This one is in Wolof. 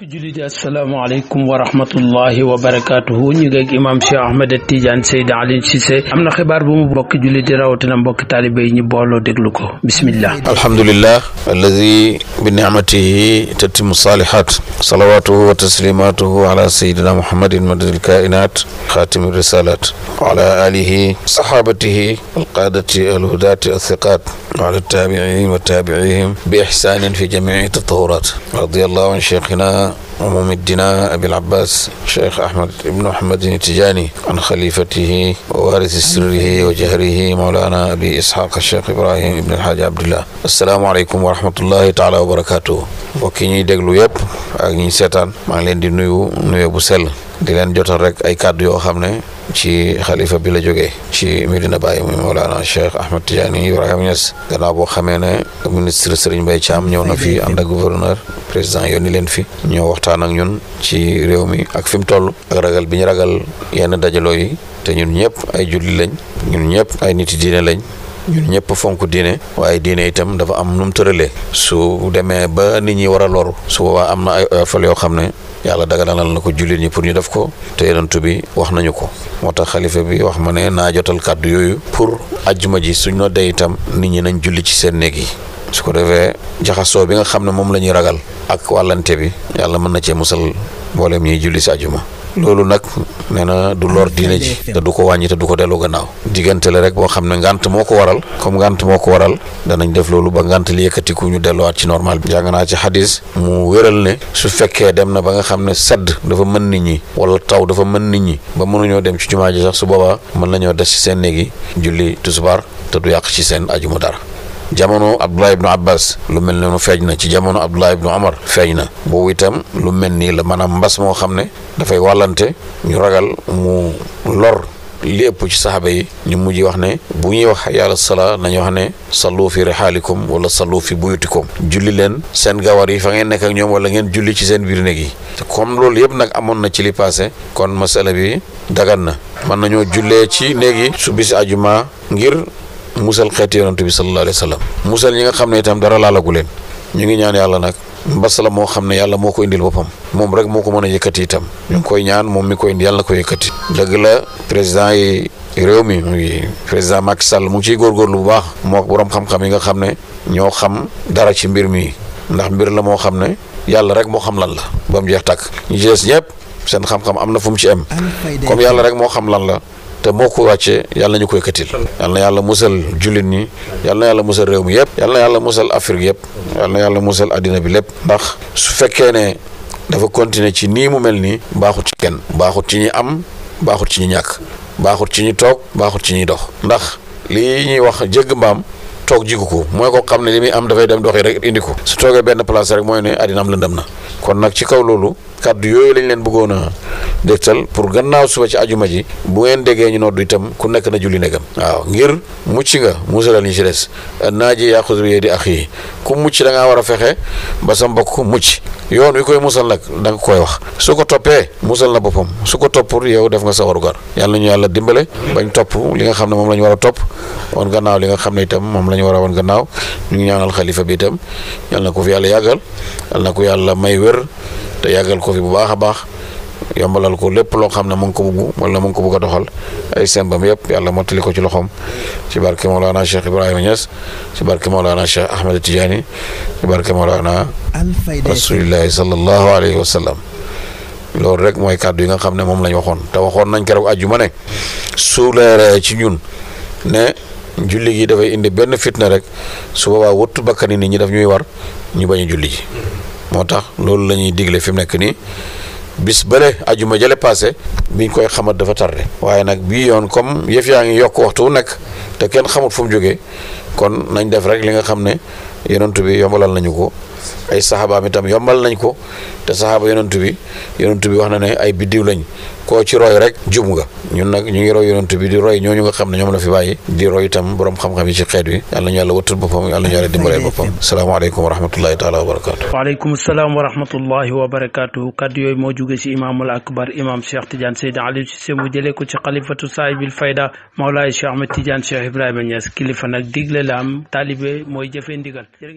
mbokk jullit asalaamaaleykum wa rahmatullahi wa barakaatuhu ñu ngi ak imaam Cheikh Ahmed Tidiane Seydi Alioune Cissé am na xibaar bu mu mbokk jullit rawatina mbokk taalibe yi ñu booloo déglu ko bismillah alhamdulillah alladi bi nicmatihi tatimu saalihat salawaatuhu wa taslimaatuhu ala sayidina muhammadin madadil kainat xaatimi risalat wa ala alihi saxaabatihi alqaadati alhudaati athiqat wa ala taabiin wa taabiihim bi ixsaanin fi jamici tatawurat radiallahu an cheikhina wa mumiddina abil abbas cheikh ahmad ibn muhammadin tijaani an xalifatihi wa waarisi sirrihi wa jahrihi mawlana abi isxaq cheikh ibrahim ibn alhaaji abdillah assalaamu aleykum wa rahmatullahi taala wa barakatuh mbokk yi ñuy déglu yëpp ak ñi seetaan maa ngi leen di nuyu nuyu bu sell di leen jotal rek ay kàddu yoo xam ne ci xalifa bi la jógee ci Medina Baye muy Mawlana Cheikh Ahmed Tidiane Ibrahima Niass gannaaw boo xamee ne ministre Serigne Mbaye Thiam ñëw na fi ànd ak gouverneur président ni leen fi ñoo waxtaan ak ñun ci réew mi ak fi mu toll ak ragal bi ñu ragal yenn dajaloo yi te ñun ñëpp ay julli lañ ñun ñëpp ay niti diine lañ ñun ñëpp fonk diine waaye diine itam dafa am nu mu tëralee su demee ba nit ñi war a loru su boobaa am na ay oyofal yoo xam ne yàlla daganalal na ko jullit ñi pour ñu def ko te yonent bi wax nañu ko moo tax xalifa bi wax ma ne naa jotal kàddu yooyu pour ajjuma ji suñ no dee itam nit ñi nañ julli ci seen néeg yi su ko defee jaxasoo bi nga xam ne moom la ñuy ragal ak wàllante bi yàlla mën na cee musal mboolem ñuy julli si ajjuma loolu nag nee na du lor diine ji te du ko wàññi te du ko dellu gannaaw diggante la rek boo xam ne ngant moo ko waral comme ngant moo ko waral danañ def loolu ba ngant li yëkkatiku ñu delluwaat ci normal bi jàng naa ci xadis mu wéral ne su fekkee dem na ba nga xam ne sedd dafa mën nit ñi wala taw dafa mën nit ñi ba mënuñoo dem ci jumaa ji sax su boobaa mën nañoo des ci seen néegi julli tusubaar te du yàq ci seen ajuma dara jamono Abdullah ibnu Abbas lu mel ne nu feeñ na ci jamono Abdullah ibnu Omar feeñ na boobu itam lu mel nii la maanaam mbas moo xam ne dafay wàllante ñu ragal mu lor li ëpp ci saxaaba yi ñu mujj wax ne bu ñuy wax yàlla salaa nañu wax ne sallu fi rihaalikum wala sallu fi buyutikum julli leen seen gawar yi fa ngeen nekk ak ñoom wala ngeen julli ci seen biir néeg yi te comme loolu yëpp nag amoon na ci li passé kon masala bi dagan na mën nañoo jullee ci néeg yi su bisi ajuma ngir musal xeeti yonent bi sallallahu alayhi wa sallam musal ñi nga xam ne itam dara laalagu leen ñu ngi ñaan yàlla nag mbas la moo xam ne yàlla moo ko indil boppam moom rek moo ko mën a yëkkati itam ñu ngi koy ñaan moom mi koy indi yàlla na ko yëkkati dëgg la président yi réew mi président Macky Sall mu ngi ciy góorgóorlu bu baax moo borom xam-xam yi nga xam ne ñoo xam dara ci mbir mi ndax mbir la moo xam ne yàlla rek moo xam lan la ba jeex takk ñu ci des ñëpp seen xam-xam am na fu mu ci am comme yàlla rek moo xam lan la te boo ko wàccee yàlla na ñu koy këtil yàlla na yàlla musal jullit nii yàlla na yàlla musal réew mi yëpp yàlla na yàlla musal Afrique yëpp yàlla yàlla musal àddina bi lépp ndax su fekkee ne dafa continuer ci nii mu mel nii baaxut ci kenn baaxut ci ñi am baaxut ci ñi ñàkk baaxut ci ñi toog baaxut ci ñi dox ndax lii ñuy wax jégg mbaam toog jigu ko mooy ko xam ne li muy am dafay dem doxi rek indi ko su toogee benn place rek mooy ne àddina am lëndëm na kon nag ci kaw loolu kàddu yooyu lañ leen bëggoon a dégtal pour gannaaw suba ci ajuma ji bu ngeen déggee ñu noddu itam ku nekk na julli negam waaw ngir mucc nga musalal ñi ci des naa ji yaaxus bi di ax yi ku mucc da ngaa war a fexe ba sa mbokk mucc yoon wi koy musal nag da nga koy wax su ko toppee musal na boppam su ko topp yow def nga sa warugar na ñu yàlla dimbale bañ topp li nga xam ne moom la ñu war a topp woon gannaaw li nga xam ne itam moom lañu war a woon gannaaw ñu ngi ñaanal xalifa bi itam yàlla na ko fi yàlla yàggal na ko yàlla may wér te yàggal ko fi bu baax a baax yombalal ko lépp loo xam ne mu ngi ko bugg wala mu ngi ko bugg a doxal ay sembam yëpp yàlla mottali ko ci loxoom ci barke Mawlana Cheikh Ibrahima Niass ci barke Mawlana Cheikh Ahmed Tidiane ci barke Mawlana rasulillahi sallallahu alayhi wa sallam loolu rek kàddu yi nga xam ne moom lañ waxoon te waxoon nañ keroog aju ma ne su leeree ci ñun ne julli gi dafay indi benn fitna rek su boobaa wëttu bakkani nit ñi daf ñuy war ñu bañ a julli ji moo tax loolu lañuy ñuy digle fi mu nekk nii bis bële ajuma jële passé biñ koy xamat dafa tardé waaye nag bii yoon comme yëf yaa ngi yokk waxtu wu nekk te kenn xamut fu mu jógee kon nañ def rek li nga xam ne yonent bi yombalal nañu ko ay saxaabaam itam yombal nañ ko te saxaaba yonentu bi bi wax na ne ay biddiw lañ ko ci roy rek jub nga ñun nag ñu ngi roy yonentu bi di roy ñooñu nga xam ne ñoom la fi bàyyi di roy itam borom xam-xam yi ci xeet wi yàlla ñu yàlla wattul boppam yàlla ñu yàlla dimbaleel boppam salaamaaleykum wa rahmatullahi taala wa barakaatu waaleykum salaam wa rahmatullahi wa barakaatu kaddu yooyu moo jóge ci imaamul akbar imam cheikh tidiane seydi aliou cissé mu jëlee ko ci xalifatu saahibil fayda mawlaay cheikh ma tidiane cheikh ibrahima niass kilifa nag digle la am taalibe mooy jëfee